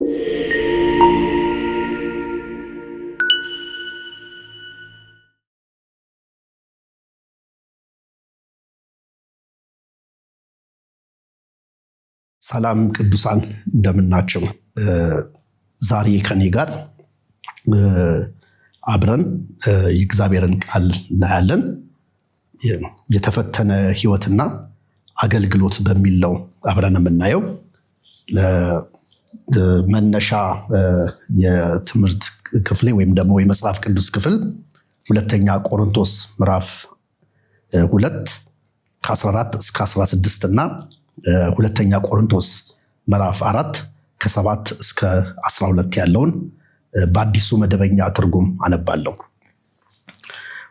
ሰላም ቅዱሳን እንደምናቸው። ዛሬ ከኔ ጋር አብረን የእግዚአብሔርን ቃል እናያለን። የተፈተነ ህይወትና አገልግሎት በሚል ነው አብረን የምናየው። መነሻ የትምህርት ክፍሌ ወይም ደግሞ የመጽሐፍ ቅዱስ ክፍል ሁለተኛ ቆሮንቶስ ምዕራፍ ሁለት ከ14 እስከ 16 እና ሁለተኛ ቆሮንቶስ ምዕራፍ አራት ከሰባት እስከ 12 ያለውን በአዲሱ መደበኛ ትርጉም አነባለሁ።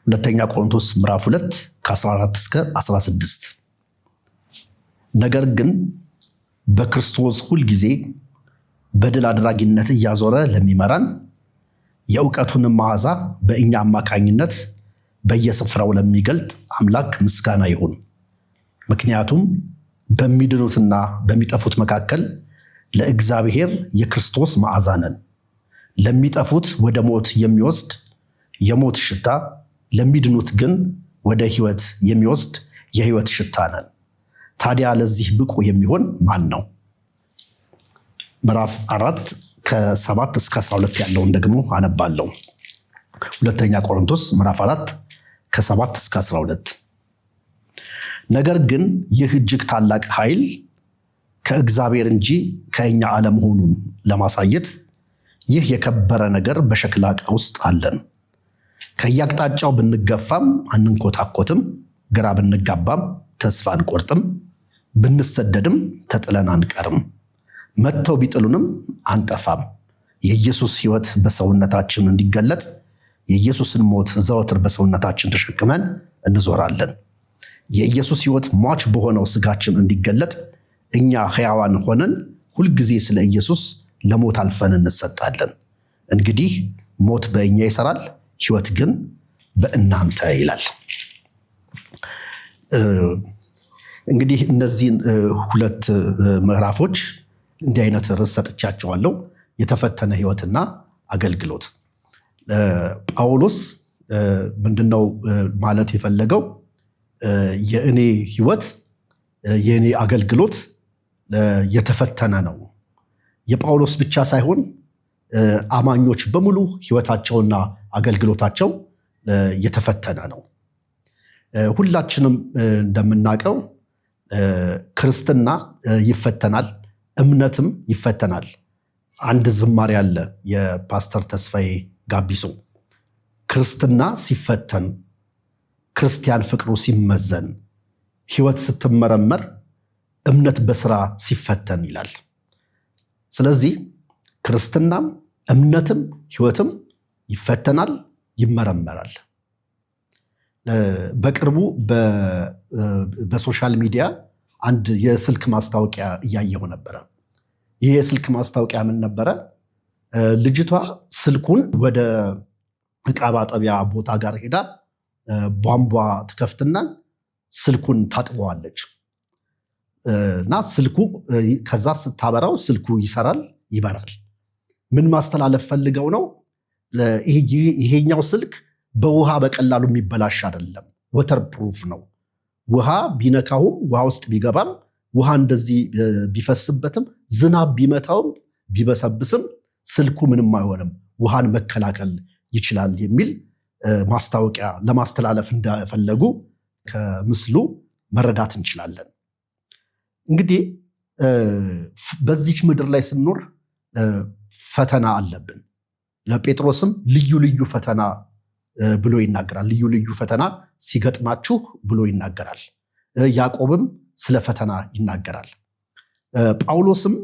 ሁለተኛ ቆሮንቶስ ምዕራፍ 2 ከ14 እስከ 16 ነገር ግን በክርስቶስ ሁል ጊዜ በድል አድራጊነት እያዞረ ለሚመራን የእውቀቱንም መዓዛ በእኛ አማካኝነት በየስፍራው ለሚገልጥ አምላክ ምስጋና ይሁን። ምክንያቱም በሚድኑትና በሚጠፉት መካከል ለእግዚአብሔር የክርስቶስ መዓዛ ነን። ለሚጠፉት ወደ ሞት የሚወስድ የሞት ሽታ፣ ለሚድኑት ግን ወደ ሕይወት የሚወስድ የሕይወት ሽታ ነን። ታዲያ ለዚህ ብቁ የሚሆን ማን ነው? ምዕራፍ አራት ከሰባት እስከ አስራ ሁለት ያለውን ደግሞ አነባለው። ሁለተኛ ቆሮንቶስ ምዕራፍ አራት ከሰባት እስከ አስራ ሁለት ነገር ግን ይህ እጅግ ታላቅ ኃይል ከእግዚአብሔር እንጂ ከእኛ አለመሆኑን ለማሳየት ይህ የከበረ ነገር በሸክላ ዕቃ ውስጥ አለን። ከየአቅጣጫው ብንገፋም አንንኮታኮትም፣ ግራ ብንጋባም ተስፋ አንቆርጥም፣ ብንሰደድም ተጥለን አንቀርም። መጥተው ቢጥሉንም አንጠፋም። የኢየሱስ ሕይወት በሰውነታችን እንዲገለጥ የኢየሱስን ሞት ዘወትር በሰውነታችን ተሸክመን እንዞራለን። የኢየሱስ ሕይወት ሟች በሆነው ስጋችን እንዲገለጥ እኛ ሕያዋን ሆነን ሁልጊዜ ስለ ኢየሱስ ለሞት አልፈን እንሰጣለን። እንግዲህ ሞት በእኛ ይሰራል፣ ሕይወት ግን በእናንተ ይላል። እንግዲህ እነዚህን ሁለት ምዕራፎች እንዲህ አይነት ርዕስ ሰጥቻቸዋለሁ። የተፈተነ ህይወትና አገልግሎት። ጳውሎስ ምንድነው ማለት የፈለገው? የእኔ ህይወት የእኔ አገልግሎት የተፈተነ ነው። የጳውሎስ ብቻ ሳይሆን አማኞች በሙሉ ህይወታቸውና አገልግሎታቸው የተፈተነ ነው። ሁላችንም እንደምናውቀው ክርስትና ይፈተናል። እምነትም ይፈተናል። አንድ ዝማሬ አለ የፓስተር ተስፋዬ ጋቢሶ ክርስትና ሲፈተን ክርስቲያን ፍቅሩ ሲመዘን ህይወት ስትመረመር እምነት በስራ ሲፈተን ይላል። ስለዚህ ክርስትናም እምነትም ህይወትም ይፈተናል፣ ይመረመራል። በቅርቡ በሶሻል ሚዲያ አንድ የስልክ ማስታወቂያ እያየው ነበረ። ይህ የስልክ ማስታወቂያ ምን ነበረ? ልጅቷ ስልኩን ወደ እቃ ማጠቢያ ቦታ ጋር ሄዳ ቧንቧ ትከፍትና ስልኩን ታጥበዋለች እና ስልኩ ከዛ ስታበራው ስልኩ ይሰራል፣ ይበራል። ምን ማስተላለፍ ፈልገው ነው? ይሄኛው ስልክ በውሃ በቀላሉ የሚበላሽ አይደለም፣ ወተር ፕሩፍ ነው ውሃ ቢነካውም ውሃ ውስጥ ቢገባም ውሃ እንደዚህ ቢፈስበትም ዝናብ ቢመታውም ቢበሰብስም ስልኩ ምንም አይሆንም፣ ውሃን መከላከል ይችላል የሚል ማስታወቂያ ለማስተላለፍ እንደፈለጉ ከምስሉ መረዳት እንችላለን። እንግዲህ በዚች ምድር ላይ ስንኖር ፈተና አለብን። ለጴጥሮስም ልዩ ልዩ ፈተና ብሎ ይናገራል። ልዩ ልዩ ፈተና ሲገጥማችሁ ብሎ ይናገራል። ያዕቆብም ስለ ፈተና ይናገራል። ጳውሎስም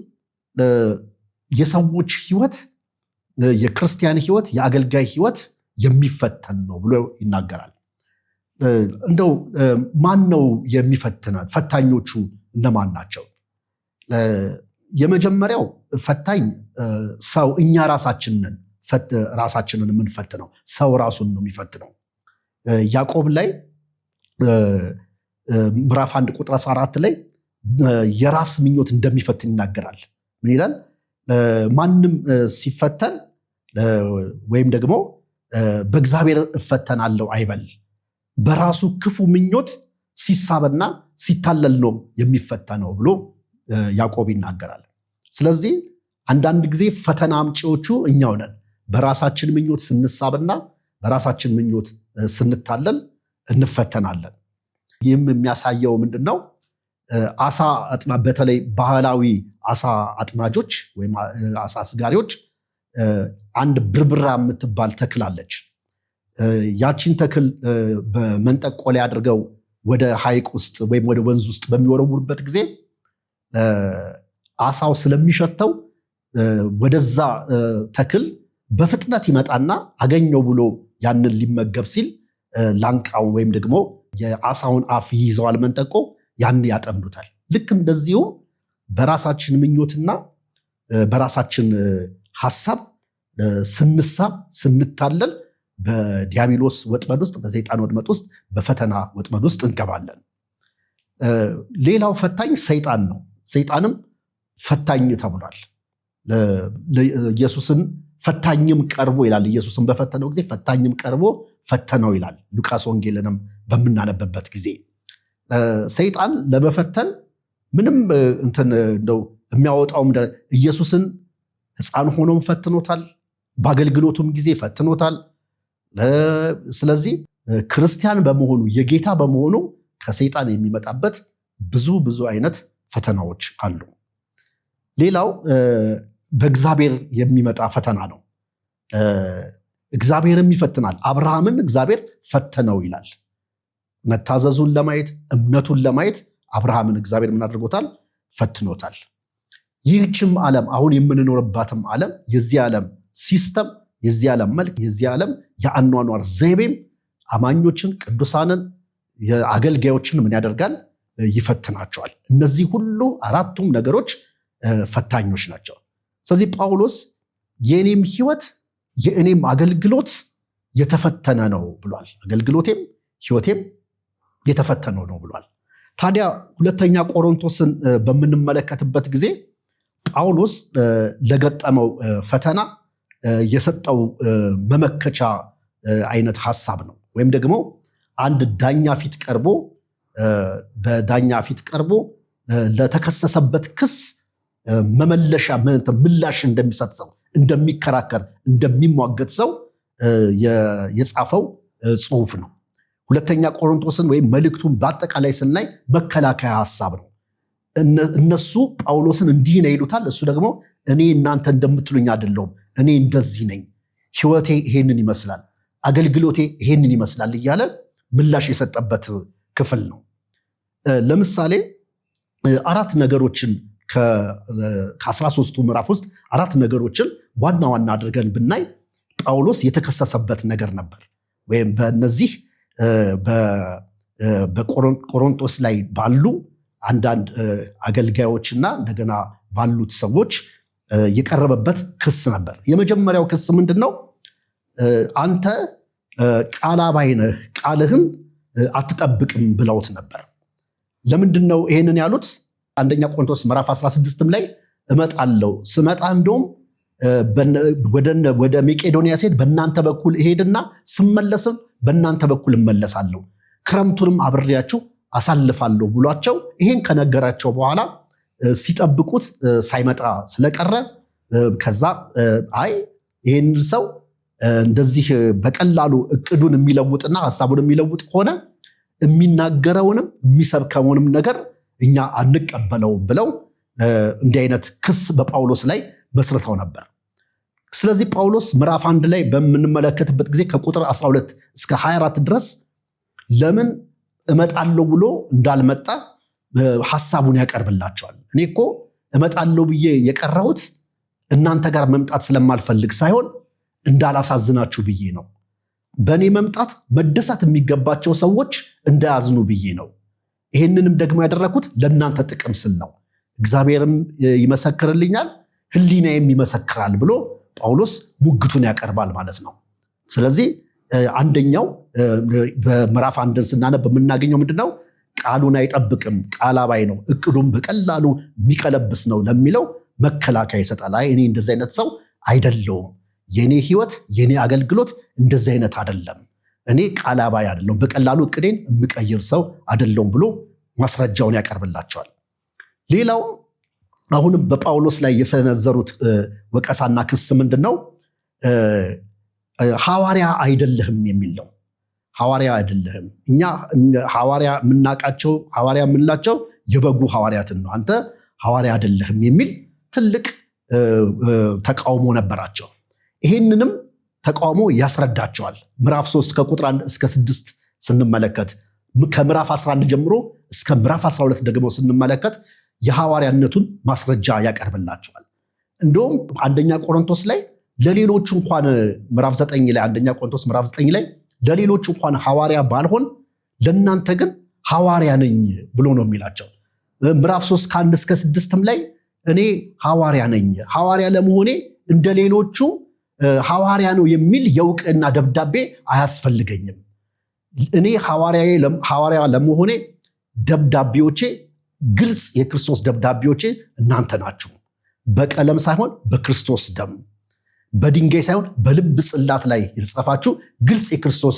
የሰዎች ህይወት የክርስቲያን ህይወት የአገልጋይ ህይወት የሚፈተን ነው ብሎ ይናገራል። እንደው ማን ነው የሚፈትነን? ፈታኞቹ እነማን ናቸው? የመጀመሪያው ፈታኝ ሰው እኛ ራሳችን ራሳችንን የምንፈትነው። ሰው ራሱን ነው የሚፈትነው። ያዕቆብ ላይ ምዕራፍ አንድ ቁጥር 14 ላይ የራስ ምኞት እንደሚፈትን ይናገራል። ምን ይላል? ማንም ሲፈተን ወይም ደግሞ በእግዚአብሔር እፈተናለሁ አይበል፣ በራሱ ክፉ ምኞት ሲሳብና ሲታለል ነው የሚፈተነው ብሎ ያዕቆብ ይናገራል። ስለዚህ አንዳንድ ጊዜ ፈተና አምጪዎቹ እኛው ነን። በራሳችን ምኞት ስንሳብና በራሳችን ምኞት ስንታለል እንፈተናለን። ይህም የሚያሳየው ምንድን ነው? አሳ አጥማ በተለይ ባህላዊ አሳ አጥማጆች ወይም አሳ አስጋሪዎች አንድ ብርብራ የምትባል ተክል አለች። ያቺን ተክል በመንጠቆ ላይ አድርገው ወደ ሐይቅ ውስጥ ወይም ወደ ወንዝ ውስጥ በሚወረውሩበት ጊዜ አሳው ስለሚሸተው ወደዛ ተክል በፍጥነት ይመጣና አገኘው ብሎ ያንን ሊመገብ ሲል ላንቃውን ወይም ደግሞ የአሳውን አፍ ይይዘዋል መንጠቆ፣ ያን ያጠምዱታል። ልክ እንደዚሁም በራሳችን ምኞትና በራሳችን ሀሳብ ስንሳብ ስንታለል በዲያብሎስ ወጥመድ ውስጥ በሰይጣን ወጥመድ ውስጥ በፈተና ወጥመድ ውስጥ እንገባለን። ሌላው ፈታኝ ሰይጣን ነው። ሰይጣንም ፈታኝ ተብሏል። ኢየሱስን ፈታኝም ቀርቦ ይላል። ኢየሱስን በፈተነው ጊዜ ፈታኝም ቀርቦ ፈተነው ይላል። ሉቃስ ወንጌልንም በምናነብበት ጊዜ ሰይጣን ለመፈተን ምንም እንትን እንደው የሚያወጣውም ኢየሱስን ህፃን ሆኖም ፈትኖታል። በአገልግሎቱም ጊዜ ፈትኖታል። ስለዚህ ክርስቲያን በመሆኑ የጌታ በመሆኑ ከሰይጣን የሚመጣበት ብዙ ብዙ አይነት ፈተናዎች አሉ። ሌላው በእግዚአብሔር የሚመጣ ፈተና ነው። እግዚአብሔርም ይፈትናል። አብርሃምን እግዚአብሔር ፈተነው ይላል። መታዘዙን ለማየት እምነቱን ለማየት አብርሃምን እግዚአብሔር ምን አድርጎታል? ፈትኖታል። ይህችም ዓለም አሁን የምንኖርባትም ዓለም የዚህ ዓለም ሲስተም፣ የዚህ ዓለም መልክ፣ የዚህ ዓለም የአኗኗር ዘይቤም አማኞችን፣ ቅዱሳንን፣ አገልጋዮችን ምን ያደርጋል? ይፈትናቸዋል። እነዚህ ሁሉ አራቱም ነገሮች ፈታኞች ናቸው። ስለዚህ ጳውሎስ የእኔም ህይወት የእኔም አገልግሎት የተፈተነ ነው ብሏል። አገልግሎቴም ህይወቴም የተፈተነ ነው ብሏል። ታዲያ ሁለተኛ ቆሮንቶስን በምንመለከትበት ጊዜ ጳውሎስ ለገጠመው ፈተና የሰጠው መመከቻ አይነት ሀሳብ ነው። ወይም ደግሞ አንድ ዳኛ ፊት ቀርቦ በዳኛ ፊት ቀርቦ ለተከሰሰበት ክስ መመለሻ ምላሽ እንደሚሰጥ ሰው፣ እንደሚከራከር፣ እንደሚሟገት ሰው የጻፈው ጽሁፍ ነው። ሁለተኛ ቆሮንቶስን ወይም መልእክቱን በአጠቃላይ ስናይ መከላከያ ሀሳብ ነው። እነሱ ጳውሎስን እንዲህ ነው ይሉታል። እሱ ደግሞ እኔ እናንተ እንደምትሉኝ አይደለሁም፣ እኔ እንደዚህ ነኝ፣ ህይወቴ ይሄንን ይመስላል፣ አገልግሎቴ ይሄንን ይመስላል እያለ ምላሽ የሰጠበት ክፍል ነው። ለምሳሌ አራት ነገሮችን ከ13ቱ ምዕራፍ ውስጥ አራት ነገሮችን ዋና ዋና አድርገን ብናይ ጳውሎስ የተከሰሰበት ነገር ነበር ወይም በነዚህ በቆሮንጦስ ላይ ባሉ አንዳንድ አገልጋዮችና እንደገና ባሉት ሰዎች የቀረበበት ክስ ነበር። የመጀመሪያው ክስ ምንድን ነው? አንተ ቃል አባይ ነህ፣ ቃልህን አትጠብቅም ብለውት ነበር። ለምንድን ነው ይሄንን ያሉት? አንደኛ ቆሮንቶስ ምዕራፍ 16 ላይ እመጣለሁ ስመጣ እንደውም ወደ መቄዶንያ ስሄድ በእናንተ በኩል እሄድና ስመለስም በእናንተ በኩል እመለሳለሁ፣ ክረምቱንም አብሬያችሁ አሳልፋለሁ ብሏቸው ይሄን ከነገራቸው በኋላ ሲጠብቁት ሳይመጣ ስለቀረ ከዛ አይ ይህን ሰው እንደዚህ በቀላሉ እቅዱን የሚለውጥና ሀሳቡን የሚለውጥ ከሆነ የሚናገረውንም የሚሰብከውንም ነገር እኛ አንቀበለውም ብለው እንዲህ አይነት ክስ በጳውሎስ ላይ መስርተው ነበር። ስለዚህ ጳውሎስ ምዕራፍ አንድ ላይ በምንመለከትበት ጊዜ ከቁጥር 12 እስከ 24 ድረስ ለምን እመጣለሁ ብሎ እንዳልመጣ ሀሳቡን ያቀርብላቸዋል። እኔ እኮ እመጣለሁ ብዬ የቀረሁት እናንተ ጋር መምጣት ስለማልፈልግ ሳይሆን እንዳላሳዝናችሁ ብዬ ነው። በእኔ መምጣት መደሳት የሚገባቸው ሰዎች እንዳያዝኑ ብዬ ነው። ይሄንንም ደግሞ ያደረግኩት ለእናንተ ጥቅም ስል ነው፣ እግዚአብሔርም ይመሰክርልኛል፣ ሕሊናዬም ይመሰክራል ብሎ ጳውሎስ ሙግቱን ያቀርባል ማለት ነው። ስለዚህ አንደኛው በምዕራፍ አንድን ስናነብ የምናገኘው ምንድን ነው? ቃሉን አይጠብቅም፣ ቃል አባይ ነው፣ እቅዱን በቀላሉ የሚቀለብስ ነው ለሚለው መከላከያ ይሰጣል። አይ እኔ እንደዚህ አይነት ሰው አይደለውም፣ የእኔ ህይወት የእኔ አገልግሎት እንደዚህ አይነት አይደለም እኔ ቃል አባይ አይደለሁም፣ በቀላሉ እቅዴን የምቀይር ሰው አይደለሁም ብሎ ማስረጃውን ያቀርብላቸዋል። ሌላው አሁንም በጳውሎስ ላይ የሰነዘሩት ወቀሳና ክስ ምንድን ነው? ሐዋርያ አይደለህም የሚል ነው። ሐዋርያ አይደለህም። እኛ ሐዋርያ የምናቃቸው ሐዋርያ የምንላቸው የበጉ ሐዋርያትን ነው። አንተ ሐዋርያ አይደለህም የሚል ትልቅ ተቃውሞ ነበራቸው። ይሄንንም ተቃውሞ ያስረዳቸዋል። ምዕራፍ 3 ከቁጥር 1 እስከ 6 ስንመለከት ከምዕራፍ 11 ጀምሮ እስከ ምዕራፍ 12 ደግሞ ስንመለከት የሐዋርያነቱን ማስረጃ ያቀርብላቸዋል። እንደውም አንደኛ ቆሮንቶስ ላይ ለሌሎች እንኳን ምዕራፍ 9 ላይ አንደኛ ቆሮንቶስ ምዕራፍ 9 ላይ ለሌሎች እንኳን ሐዋርያ ባልሆን ለእናንተ ግን ሐዋርያ ነኝ ብሎ ነው የሚላቸው። ምዕራፍ 3 ከ1 እስከ 6ም ላይ እኔ ሐዋርያ ነኝ ሐዋርያ ለመሆኔ እንደ ሌሎቹ ሐዋርያ ነው የሚል የእውቅና ደብዳቤ አያስፈልገኝም። እኔ ሐዋርያ ለመሆኔ ደብዳቤዎቼ ግልጽ የክርስቶስ ደብዳቤዎቼ እናንተ ናችሁ። በቀለም ሳይሆን በክርስቶስ ደም፣ በድንጋይ ሳይሆን በልብ ጽላት ላይ የተጻፋችሁ ግልጽ የክርስቶስ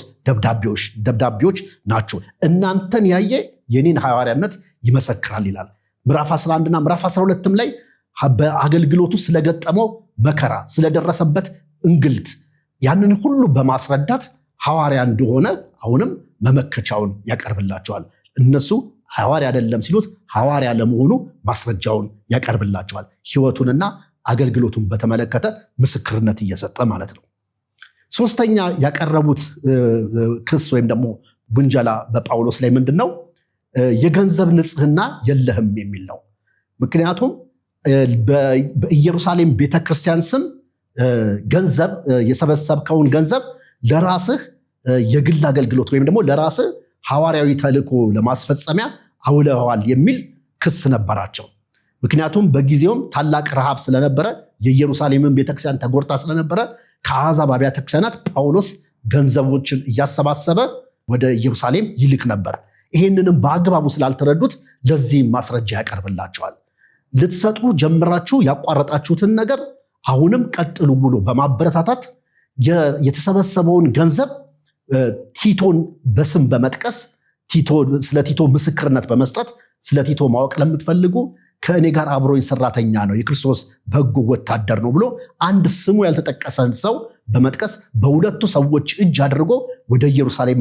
ደብዳቤዎች ናችሁ። እናንተን ያየ የኔን ሐዋርያነት ይመሰክራል ይላል። ምዕራፍ 11 እና ምዕራፍ 12ም ላይ በአገልግሎቱ ስለገጠመው መከራ ስለደረሰበት እንግልት ያንን ሁሉ በማስረዳት ሐዋርያ እንደሆነ አሁንም መመከቻውን ያቀርብላቸዋል። እነሱ ሐዋርያ አይደለም ሲሉት ሐዋርያ ለመሆኑ ማስረጃውን ያቀርብላቸዋል። ሕይወቱንና አገልግሎቱን በተመለከተ ምስክርነት እየሰጠ ማለት ነው። ሶስተኛ ያቀረቡት ክስ ወይም ደግሞ ውንጀላ በጳውሎስ ላይ ምንድን ነው? የገንዘብ ንጽህና የለህም የሚል ነው። ምክንያቱም በኢየሩሳሌም ቤተክርስቲያን ስም ገንዘብ የሰበሰብከውን ገንዘብ ለራስህ የግል አገልግሎት ወይም ደግሞ ለራስህ ሐዋርያዊ ተልእኮ ለማስፈጸሚያ አውለዋል የሚል ክስ ነበራቸው። ምክንያቱም በጊዜውም ታላቅ ረሃብ ስለነበረ የኢየሩሳሌምን ቤተክርስቲያን ተጎድታ ስለነበረ ከአሕዛብ አብያተ ክርስቲያናት ጳውሎስ ገንዘቦችን እያሰባሰበ ወደ ኢየሩሳሌም ይልክ ነበር። ይህንንም በአግባቡ ስላልተረዱት ለዚህም ማስረጃ ያቀርብላቸዋል። ልትሰጡ ጀምራችሁ ያቋረጣችሁትን ነገር አሁንም ቀጥሉ ብሎ በማበረታታት የተሰበሰበውን ገንዘብ ቲቶን በስም በመጥቀስ ስለ ቲቶ ምስክርነት በመስጠት ስለ ቲቶ ማወቅ ለምትፈልጉ ከእኔ ጋር አብሮኝ ሰራተኛ ነው፣ የክርስቶስ በጎ ወታደር ነው ብሎ አንድ ስሙ ያልተጠቀሰን ሰው በመጥቀስ በሁለቱ ሰዎች እጅ አድርጎ ወደ ኢየሩሳሌም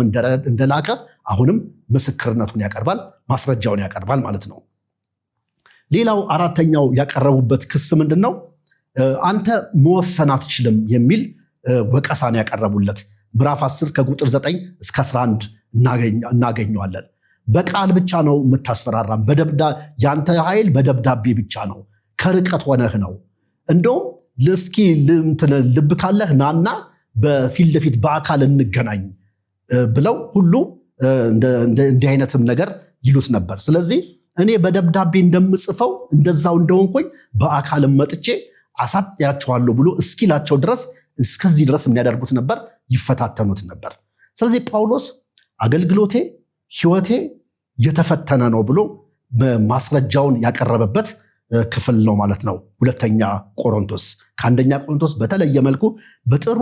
እንደላከ አሁንም ምስክርነቱን ያቀርባል፣ ማስረጃውን ያቀርባል ማለት ነው። ሌላው አራተኛው ያቀረቡበት ክስ ምንድን ነው? አንተ መወሰን አትችልም የሚል ወቀሳን ያቀረቡለት ምዕራፍ 10 ከቁጥር 9 እስከ 11 እናገኘዋለን። በቃል ብቻ ነው የምታስፈራራም፣ ያንተ ኃይል በደብዳቤ ብቻ ነው፣ ከርቀት ሆነህ ነው። እንደውም እስኪ ልብ ካለህ ናና በፊት ለፊት በአካል እንገናኝ ብለው ሁሉ እንዲህ አይነትም ነገር ይሉት ነበር። ስለዚህ እኔ በደብዳቤ እንደምጽፈው እንደዛው እንደሆንኩኝ በአካልም መጥቼ አሳጥያቸዋለሁ ብሎ እስኪላቸው ድረስ እስከዚህ ድረስ የሚያደርጉት ነበር፣ ይፈታተኑት ነበር። ስለዚህ ጳውሎስ አገልግሎቴ ህይወቴ የተፈተነ ነው ብሎ ማስረጃውን ያቀረበበት ክፍል ነው ማለት ነው። ሁለተኛ ቆሮንቶስ ከአንደኛ ቆሮንቶስ በተለየ መልኩ በጥሩ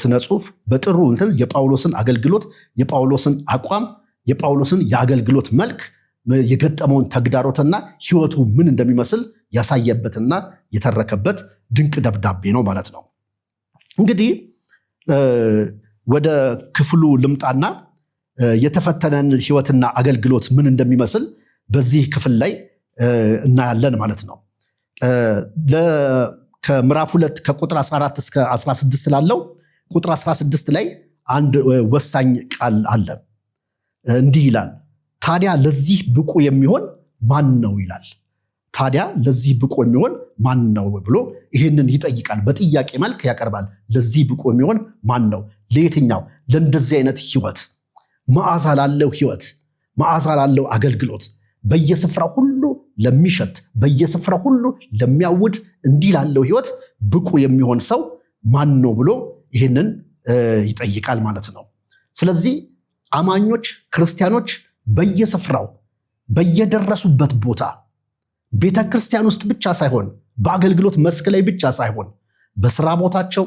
ስነ ጽሁፍ በጥሩ እንትን የጳውሎስን አገልግሎት የጳውሎስን አቋም የጳውሎስን የአገልግሎት መልክ የገጠመውን ተግዳሮትና ህይወቱ ምን እንደሚመስል ያሳየበትና የተረከበት ድንቅ ደብዳቤ ነው ማለት ነው። እንግዲህ ወደ ክፍሉ ልምጣና የተፈተነን ህይወትና አገልግሎት ምን እንደሚመስል በዚህ ክፍል ላይ እናያለን ማለት ነው። ከምዕራፍ ሁለት ከቁጥር 14 እስከ 16 ላለው ቁጥር 16 ላይ አንድ ወሳኝ ቃል አለ። እንዲህ ይላል፣ ታዲያ ለዚህ ብቁ የሚሆን ማን ነው ይላል። ታዲያ ለዚህ ብቁ የሚሆን ማን ነው ብሎ ይህንን ይጠይቃል። በጥያቄ መልክ ያቀርባል። ለዚህ ብቁ የሚሆን ማን ነው? ለየትኛው? ለእንደዚህ አይነት ህይወት፣ መዓዛ ላለው ህይወት፣ መዓዛ ላለው አገልግሎት በየስፍራው ሁሉ ለሚሸት በየስፍራው ሁሉ ለሚያውድ እንዲህ ላለው ህይወት ብቁ የሚሆን ሰው ማን ነው ብሎ ይህንን ይጠይቃል ማለት ነው። ስለዚህ አማኞች ክርስቲያኖች በየስፍራው በየደረሱበት ቦታ ቤተ ክርስቲያን ውስጥ ብቻ ሳይሆን በአገልግሎት መስክ ላይ ብቻ ሳይሆን በስራ ቦታቸው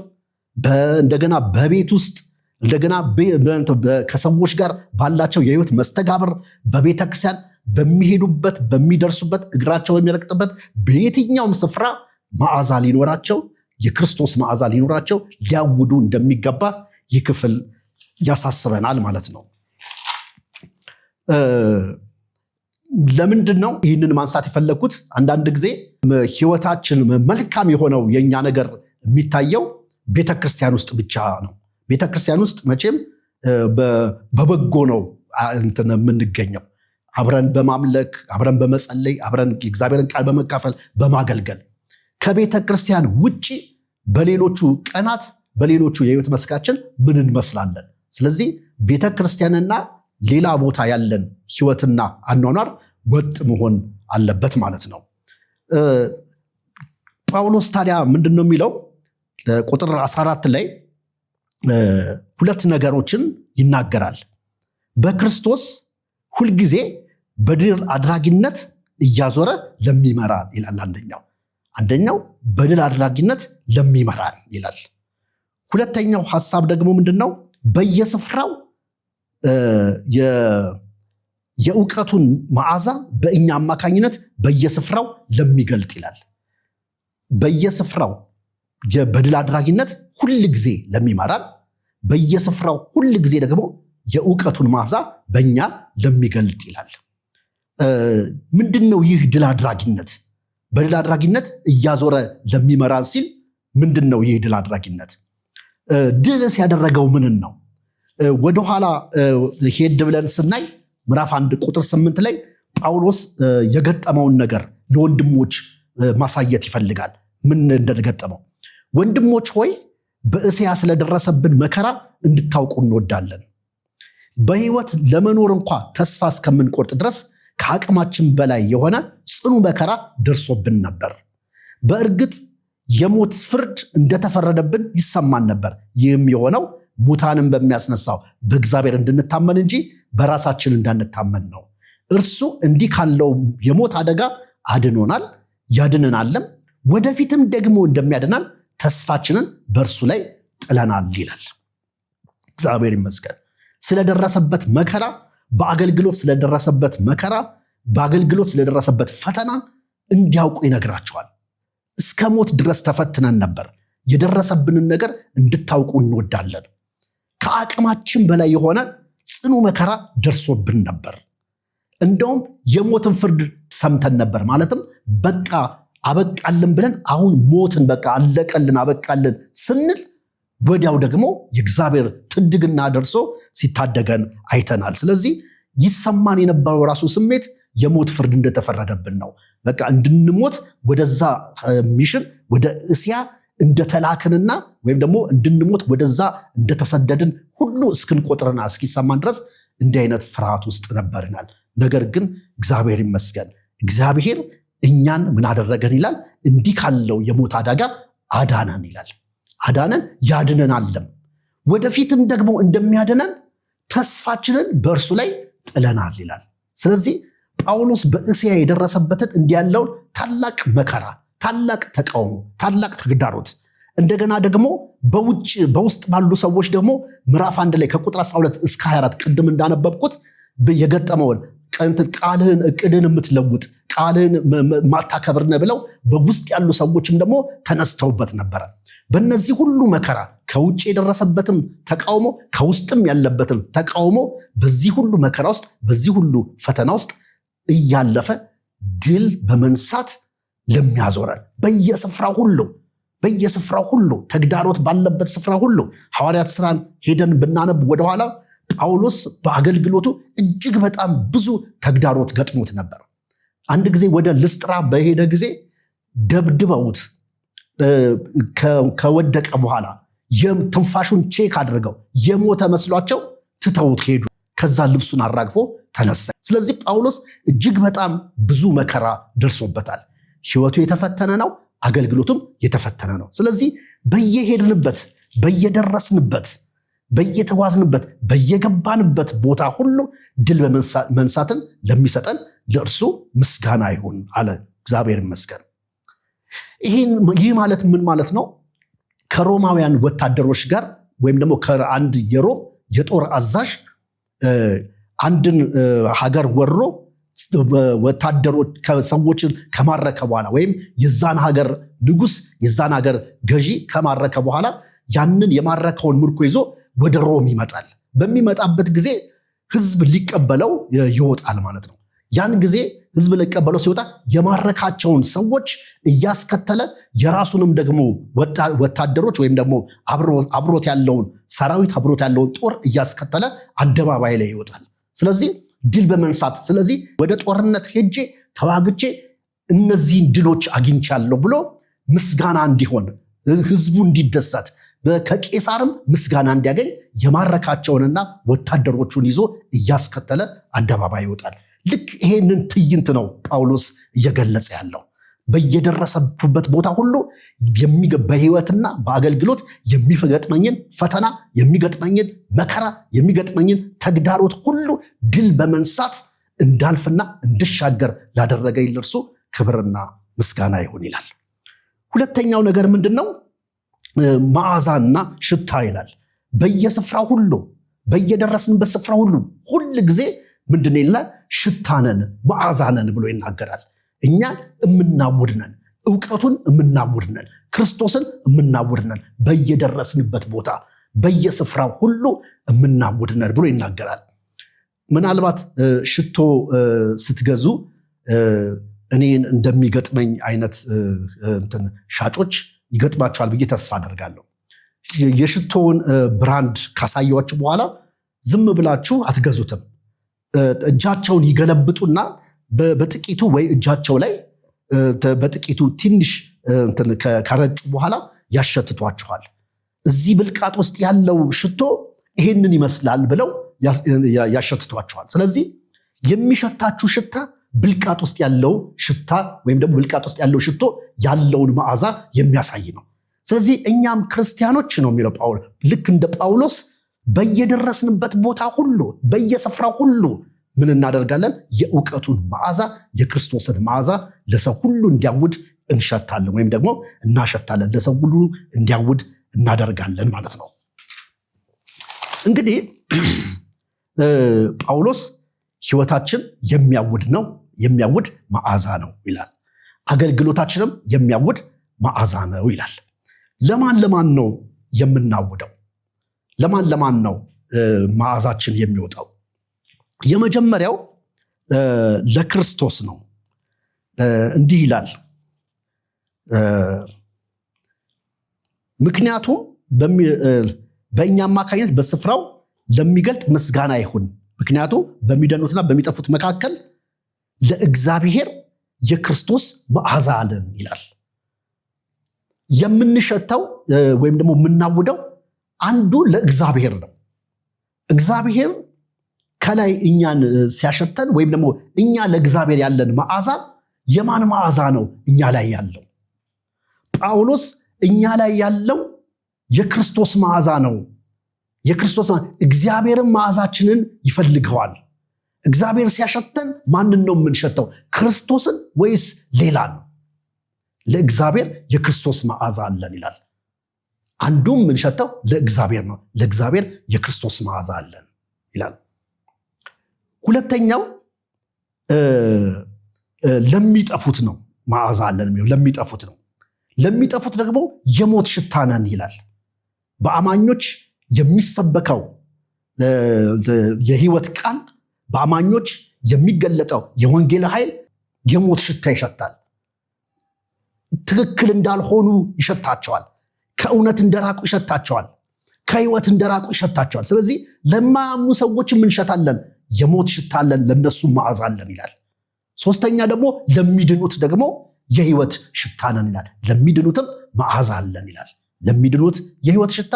እንደገና በቤት ውስጥ እንደገና ከሰዎች ጋር ባላቸው የህይወት መስተጋብር በቤተ ክርስቲያን በሚሄዱበት በሚደርሱበት እግራቸው በሚረግጥበት በየትኛውም ስፍራ መዓዛ ሊኖራቸው የክርስቶስ መዓዛ ሊኖራቸው ሊያውዱ እንደሚገባ ይህ ክፍል ያሳስበናል ማለት ነው። ለምንድን ነው ይህንን ማንሳት የፈለግኩት? አንዳንድ ጊዜ ህይወታችን መልካም የሆነው የእኛ ነገር የሚታየው ቤተክርስቲያን ውስጥ ብቻ ነው። ቤተክርስቲያን ውስጥ መቼም በበጎ ነው እንትን የምንገኘው አብረን በማምለክ አብረን በመጸለይ አብረን የእግዚአብሔርን ቃል በመካፈል በማገልገል። ከቤተ ክርስቲያን ውጭ በሌሎቹ ቀናት በሌሎቹ የህይወት መስካችን ምን እንመስላለን? ስለዚህ ቤተ ክርስቲያንና ሌላ ቦታ ያለን ህይወትና አኗኗር ወጥ መሆን አለበት ማለት ነው። ጳውሎስ ታዲያ ምንድን ነው የሚለው? ቁጥር 14 ላይ ሁለት ነገሮችን ይናገራል። በክርስቶስ ሁልጊዜ በድል አድራጊነት እያዞረ ለሚመራ ይላል። አንደኛው አንደኛው በድል አድራጊነት ለሚመራ ይላል። ሁለተኛው ሐሳብ ደግሞ ምንድን ነው? በየስፍራው የእውቀቱን መዓዛ በእኛ አማካኝነት በየስፍራው ለሚገልጥ ይላል። በየስፍራው በድል አድራጊነት ሁል ጊዜ ለሚመራን፣ በየስፍራው ሁል ጊዜ ደግሞ የእውቀቱን መዓዛ በእኛ ለሚገልጥ ይላል። ምንድን ነው ይህ ድል አድራጊነት? በድል አድራጊነት እያዞረ ለሚመራን ሲል ምንድን ነው ይህ ድል አድራጊነት? ድልስ ያደረገው ምንን ነው? ወደኋላ ሄድ ብለን ስናይ ምዕራፍ አንድ ቁጥር ስምንት ላይ ጳውሎስ የገጠመውን ነገር ለወንድሞች ማሳየት ይፈልጋል። ምን እንደገጠመው ወንድሞች ሆይ በእስያ ስለደረሰብን መከራ እንድታውቁ እንወዳለን። በሕይወት ለመኖር እንኳ ተስፋ እስከምንቆርጥ ድረስ ከአቅማችን በላይ የሆነ ጽኑ መከራ ደርሶብን ነበር። በእርግጥ የሞት ፍርድ እንደተፈረደብን ይሰማን ነበር። ይህም የሆነው ሙታንም በሚያስነሳው በእግዚአብሔር እንድንታመን እንጂ በራሳችን እንዳንታመን ነው። እርሱ እንዲህ ካለው የሞት አደጋ አድኖናል፣ ያድነናልም፣ ወደፊትም ደግሞ እንደሚያድናል ተስፋችንን በእርሱ ላይ ጥለናል ይላል። እግዚአብሔር ይመስገን። ስለደረሰበት መከራ፣ በአገልግሎት ስለደረሰበት መከራ፣ በአገልግሎት ስለደረሰበት ፈተና እንዲያውቁ ይነግራቸዋል። እስከ ሞት ድረስ ተፈትነን ነበር። የደረሰብንን ነገር እንድታውቁ እንወዳለን። ከአቅማችን በላይ የሆነ ጽኑ መከራ ደርሶብን ነበር። እንደውም የሞትን ፍርድ ሰምተን ነበር። ማለትም በቃ አበቃልን ብለን አሁን ሞትን፣ በቃ አለቀልን፣ አበቃልን ስንል ወዲያው ደግሞ የእግዚአብሔር ትድግና ደርሶ ሲታደገን አይተናል። ስለዚህ ይሰማን የነበረው ራሱ ስሜት የሞት ፍርድ እንደተፈረደብን ነው። በቃ እንድንሞት ወደዛ ሚሽን ወደ እስያ እንደተላክንና ወይም ደግሞ እንድንሞት ወደዛ እንደተሰደድን ሁሉ እስክንቆጥርና እስኪሰማን ድረስ እንዲህ አይነት ፍርሃት ውስጥ ነበርናል። ነገር ግን እግዚአብሔር ይመስገን እግዚአብሔር እኛን ምን አደረገን ይላል? እንዲህ ካለው የሞት አደጋ አዳነን ይላል። አዳነን ያድነን አለም ወደፊትም ደግሞ እንደሚያድነን ተስፋችንን በእርሱ ላይ ጥለናል ይላል። ስለዚህ ጳውሎስ በእስያ የደረሰበትን እንዲያለውን ታላቅ መከራ ታላቅ ተቃውሞ፣ ታላቅ ተግዳሮት። እንደገና ደግሞ በውጭ በውስጥ ባሉ ሰዎች ደግሞ ምዕራፍ አንድ ላይ ከቁጥር 12 እስከ 24 ቅድም እንዳነበብኩት የገጠመውን ቃልህን እቅድን የምትለውጥ ቃልህን ማታከብርነ ብለው በውስጥ ያሉ ሰዎችም ደግሞ ተነስተውበት ነበረ። በእነዚህ ሁሉ መከራ ከውጭ የደረሰበትም ተቃውሞ ከውስጥም ያለበትም ተቃውሞ በዚህ ሁሉ መከራ ውስጥ በዚህ ሁሉ ፈተና ውስጥ እያለፈ ድል በመንሳት ለሚያዞረን በየስፍራ ሁሉ በየስፍራ ሁሉ ተግዳሮት ባለበት ስፍራ ሁሉ ሐዋርያት ስራን ሄደን ብናነብ ወደኋላ ጳውሎስ በአገልግሎቱ እጅግ በጣም ብዙ ተግዳሮት ገጥሞት ነበር። አንድ ጊዜ ወደ ልስጥራ በሄደ ጊዜ ደብድበውት ከወደቀ በኋላ ትንፋሹን ቼክ አድርገው የሞተ መስሏቸው ትተውት ሄዱ። ከዛ ልብሱን አራግፎ ተነሳ። ስለዚህ ጳውሎስ እጅግ በጣም ብዙ መከራ ደርሶበታል። ህይወቱ የተፈተነ ነው፣ አገልግሎቱም የተፈተነ ነው። ስለዚህ በየሄድንበት፣ በየደረስንበት፣ በየተጓዝንበት፣ በየገባንበት ቦታ ሁሉ ድል በመንሳትን ለሚሰጠን ለእርሱ ምስጋና ይሁን አለ። እግዚአብሔር ይመስገን። ይህ ማለት ምን ማለት ነው? ከሮማውያን ወታደሮች ጋር ወይም ደግሞ ከአንድ የሮም የጦር አዛዥ አንድን ሀገር ወሮ ወታደሮች ሰዎችን ከማረከ በኋላ ወይም የዛን ሀገር ንጉስ የዛን ሀገር ገዢ ከማረከ በኋላ ያንን የማረከውን ምርኮ ይዞ ወደ ሮም ይመጣል። በሚመጣበት ጊዜ ህዝብ ሊቀበለው ይወጣል ማለት ነው። ያን ጊዜ ህዝብ ሊቀበለው ሲወጣ የማረካቸውን ሰዎች እያስከተለ የራሱንም ደግሞ ወታደሮች ወይም ደግሞ አብሮት ያለውን ሰራዊት አብሮት ያለውን ጦር እያስከተለ አደባባይ ላይ ይወጣል። ስለዚህ ድል በመንሳት ስለዚህ ወደ ጦርነት ሄጄ ተዋግቼ እነዚህን ድሎች አግኝቻለሁ ብሎ ምስጋና እንዲሆን ህዝቡ እንዲደሰት ከቄሳርም ምስጋና እንዲያገኝ የማረካቸውንና ወታደሮቹን ይዞ እያስከተለ አደባባይ ይወጣል። ልክ ይሄንን ትዕይንት ነው ጳውሎስ እየገለጸ ያለው። በየደረሰበት ቦታ ሁሉ በህይወትና በአገልግሎት የሚገጥመኝን ፈተና የሚገጥመኝን መከራ የሚገጥመኝን ተግዳሮት ሁሉ ድል በመንሳት እንዳልፍና እንድሻገር ላደረገኝ ለእርሱ ክብርና ምስጋና ይሁን ይላል። ሁለተኛው ነገር ምንድን ነው? መዓዛና ሽታ ይላል። በየስፍራ ሁሉ በየደረስንበት ስፍራ ሁሉ ሁል ጊዜ ምንድን ይላል? ሽታነን መዓዛነን ብሎ ይናገራል። እኛ የምናውድነን እውቀቱን የምናውድነን ክርስቶስን የምናውድነን በየደረስንበት ቦታ በየስፍራው ሁሉ የምናውድነን ብሎ ይናገራል። ምናልባት ሽቶ ስትገዙ እኔ እንደሚገጥመኝ አይነት ሻጮች ይገጥማቸዋል ብዬ ተስፋ አደርጋለሁ። የሽቶውን ብራንድ ካሳያችሁ በኋላ ዝም ብላችሁ አትገዙትም። እጃቸውን ይገለብጡና በጥቂቱ ወይ እጃቸው ላይ በጥቂቱ ትንሽ ከረጩ በኋላ ያሸትቷችኋል። እዚህ ብልቃጥ ውስጥ ያለው ሽቶ ይሄንን ይመስላል ብለው ያሸትቷችኋል። ስለዚህ የሚሸታችሁ ሽታ ብልቃጥ ውስጥ ያለው ሽታ ወይም ደግሞ ብልቃጥ ውስጥ ያለው ሽቶ ያለውን መዓዛ የሚያሳይ ነው። ስለዚህ እኛም ክርስቲያኖች ነው የሚለው ጳውሎስ ልክ እንደ ጳውሎስ በየደረስንበት ቦታ ሁሉ በየስፍራው ሁሉ ምን እናደርጋለን? የእውቀቱን መዓዛ የክርስቶስን መዓዛ ለሰው ሁሉ እንዲያውድ እንሸታለን ወይም ደግሞ እናሸታለን። ለሰው ሁሉ እንዲያውድ እናደርጋለን ማለት ነው። እንግዲህ ጳውሎስ ህይወታችን የሚያውድ ነው፣ የሚያውድ መዓዛ ነው ይላል። አገልግሎታችንም የሚያውድ መዓዛ ነው ይላል። ለማን ለማን ነው የምናውደው? ለማን ለማን ነው መዓዛችን የሚወጣው? የመጀመሪያው ለክርስቶስ ነው። እንዲህ ይላል፣ ምክንያቱም በእኛ አማካኝነት በስፍራው ለሚገልጥ ምስጋና ይሁን፣ ምክንያቱም በሚደኑትና በሚጠፉት መካከል ለእግዚአብሔር የክርስቶስ መዓዛ አለን ይላል። የምንሸተው ወይም ደግሞ የምናውደው አንዱ ለእግዚአብሔር ነው። እግዚአብሔር ከላይ እኛን ሲያሸተን ወይም ደግሞ እኛ ለእግዚአብሔር ያለን መዓዛ የማን መዓዛ ነው? እኛ ላይ ያለው ጳውሎስ እኛ ላይ ያለው የክርስቶስ መዓዛ ነው። የክርስቶስ እግዚአብሔርን መዓዛችንን ይፈልገዋል። እግዚአብሔር ሲያሸተን ማንን ነው የምንሸተው? ክርስቶስን ወይስ ሌላ ነው? ለእግዚአብሔር የክርስቶስ መዓዛ አለን ይላል። አንዱም የምንሸተው ለእግዚአብሔር ነው። ለእግዚአብሔር የክርስቶስ መዓዛ አለን ይላል። ሁለተኛው ለሚጠፉት ነው መዓዛ አለን የሚለው ለሚጠፉት ነው። ለሚጠፉት ደግሞ የሞት ሽታ ነን ይላል። በአማኞች የሚሰበከው የህይወት ቃል በአማኞች የሚገለጠው የወንጌል ኃይል የሞት ሽታ ይሸታል። ትክክል እንዳልሆኑ ይሸታቸዋል። ከእውነት እንደራቁ ይሸታቸዋል። ከህይወት እንደራቁ ይሸታቸዋል። ስለዚህ ለማያምኑ ሰዎችም እንሸታለን። የሞት ሽታ አለን ለነሱ አለን ይላል። ሶስተኛ ደግሞ ለሚድኑት ደግሞ የህይወት ሽታነን ይላል። ለሚድኑትም አለን ይላል። ለሚድኑት የህይወት ሽታ፣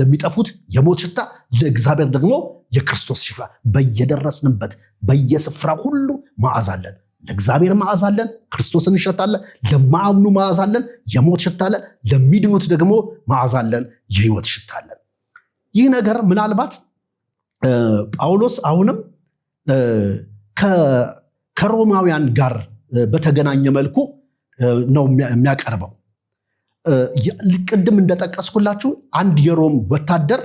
ለሚጠፉት የሞት ሽታ፣ ለእግዚአብሔር ደግሞ የክርስቶስ ሽፍራ። በየደረስንበት በየስፍራ ሁሉ አለን። ለእግዚአብሔር አለን፣ ክርስቶስን እንሸታለን። ለማያምኑ አለን፣ የሞት አለን። ለሚድኑት ደግሞ አለን፣ የህይወት አለን። ይህ ነገር ምናልባት ጳውሎስ አሁንም ከሮማውያን ጋር በተገናኘ መልኩ ነው የሚያቀርበው። ቅድም እንደጠቀስኩላችሁ አንድ የሮም ወታደር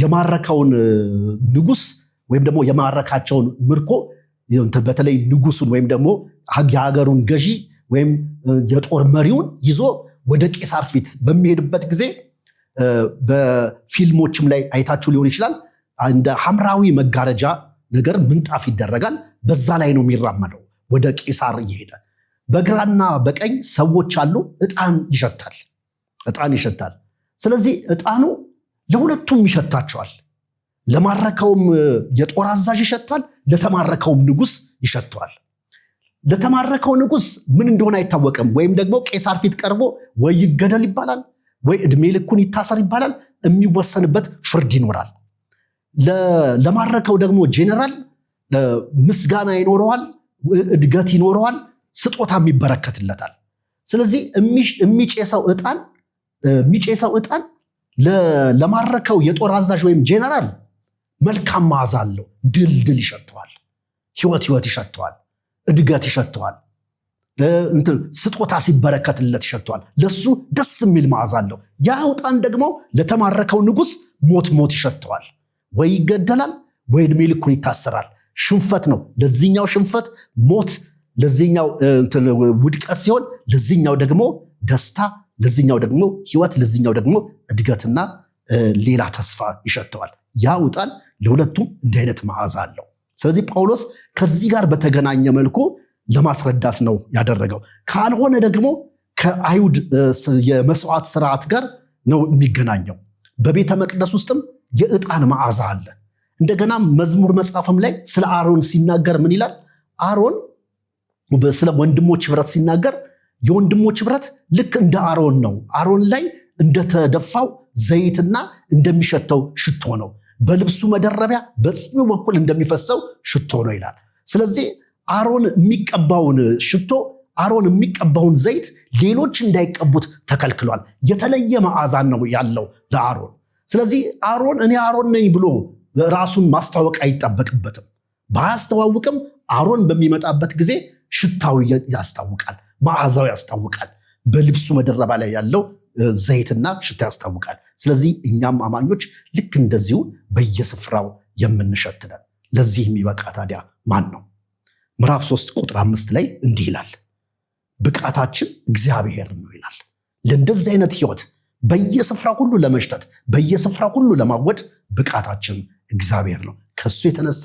የማረካውን ንጉስ ወይም ደግሞ የማረካቸውን ምርኮ በተለይ ንጉሱን ወይም ደግሞ የሀገሩን ገዢ ወይም የጦር መሪውን ይዞ ወደ ቄሳር ፊት በሚሄድበት ጊዜ በፊልሞችም ላይ አይታችሁ ሊሆን ይችላል እንደ ሐምራዊ መጋረጃ ነገር ምንጣፍ ይደረጋል። በዛ ላይ ነው የሚራመደው ወደ ቄሳር እየሄደ። በግራና በቀኝ ሰዎች አሉ። እጣን ይሸታል፣ እጣን ይሸታል። ስለዚህ እጣኑ ለሁለቱም ይሸታቸዋል። ለማረከውም የጦር አዛዥ ይሸቷል፣ ለተማረከውም ንጉስ ይሸቷል። ለተማረከው ንጉስ ምን እንደሆነ አይታወቅም። ወይም ደግሞ ቄሳር ፊት ቀርቦ ወይ ይገደል ይባላል፣ ወይ እድሜ ልኩን ይታሰር ይባላል። የሚወሰንበት ፍርድ ይኖራል። ለማረከው ደግሞ ጄኔራል ምስጋና ይኖረዋል፣ እድገት ይኖረዋል፣ ስጦታም ይበረከትለታል። ስለዚህ የሚጨሰው እጣን የሚጨሰው ለማረከው የጦር አዛዥ ወይም ጄኔራል መልካም መዓዛ አለው። ድልድል ይሸተዋል፣ ህይወት ህይወት ይሸተዋል፣ እድገት ይሸተዋል፣ ስጦታ ሲበረከትለት ይሸተዋል። ለሱ ደስ የሚል መዓዛ አለው። ያ እጣን ደግሞ ለተማረከው ንጉስ ሞት ሞት ይሸተዋል። ወይ ይገደላል ወይ እድሜ ልኩን ይታሰራል። ሽንፈት ነው። ለዚህኛው ሽንፈት ሞት፣ ለዚህኛው ውድቀት ሲሆን ለዚህኛው ደግሞ ደስታ፣ ለዚህኛው ደግሞ ህይወት፣ ለዚህኛው ደግሞ እድገትና ሌላ ተስፋ ይሸተዋል። ያ ውጣን ለሁለቱም እንዲህ አይነት መዓዛ አለው። ስለዚህ ጳውሎስ ከዚህ ጋር በተገናኘ መልኩ ለማስረዳት ነው ያደረገው። ካልሆነ ደግሞ ከአይሁድ የመስዋዕት ስርዓት ጋር ነው የሚገናኘው። በቤተ መቅደስ ውስጥም የእጣን መዓዛ አለ። እንደገና መዝሙር መጽሐፍም ላይ ስለ አሮን ሲናገር ምን ይላል? አሮን ስለ ወንድሞች ህብረት ሲናገር የወንድሞች ህብረት ልክ እንደ አሮን ነው። አሮን ላይ እንደተደፋው ዘይትና እንደሚሸተው ሽቶ ነው። በልብሱ መደረቢያ በጽኑ በኩል እንደሚፈሰው ሽቶ ነው ይላል። ስለዚህ አሮን የሚቀባውን ሽቶ አሮን የሚቀባውን ዘይት ሌሎች እንዳይቀቡት ተከልክሏል። የተለየ መዓዛን ነው ያለው ለአሮን። ስለዚህ አሮን እኔ አሮን ነኝ ብሎ ራሱን ማስተዋወቅ አይጠበቅበትም። ባያስተዋውቅም አሮን በሚመጣበት ጊዜ ሽታው ያስታውቃል፣ መዓዛው ያስታውቃል፣ በልብሱ መደረባ ላይ ያለው ዘይትና ሽታ ያስታውቃል። ስለዚህ እኛም አማኞች ልክ እንደዚሁ በየስፍራው የምንሸትነን። ለዚህ የሚበቃ ታዲያ ማን ነው? ምዕራፍ 3 ቁጥር አምስት ላይ እንዲህ ይላል፣ ብቃታችን እግዚአብሔር ነው ይላል። ለእንደዚህ አይነት ህይወት በየስፍራ ሁሉ ለመሽተት በየስፍራ ሁሉ ለማወድ ብቃታችን እግዚአብሔር ነው። ከሱ የተነሳ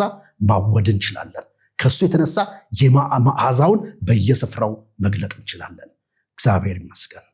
ማወድ እንችላለን። ከሱ የተነሳ የመዓዛውን በየስፍራው መግለጥ እንችላለን። እግዚአብሔር ይመስገን።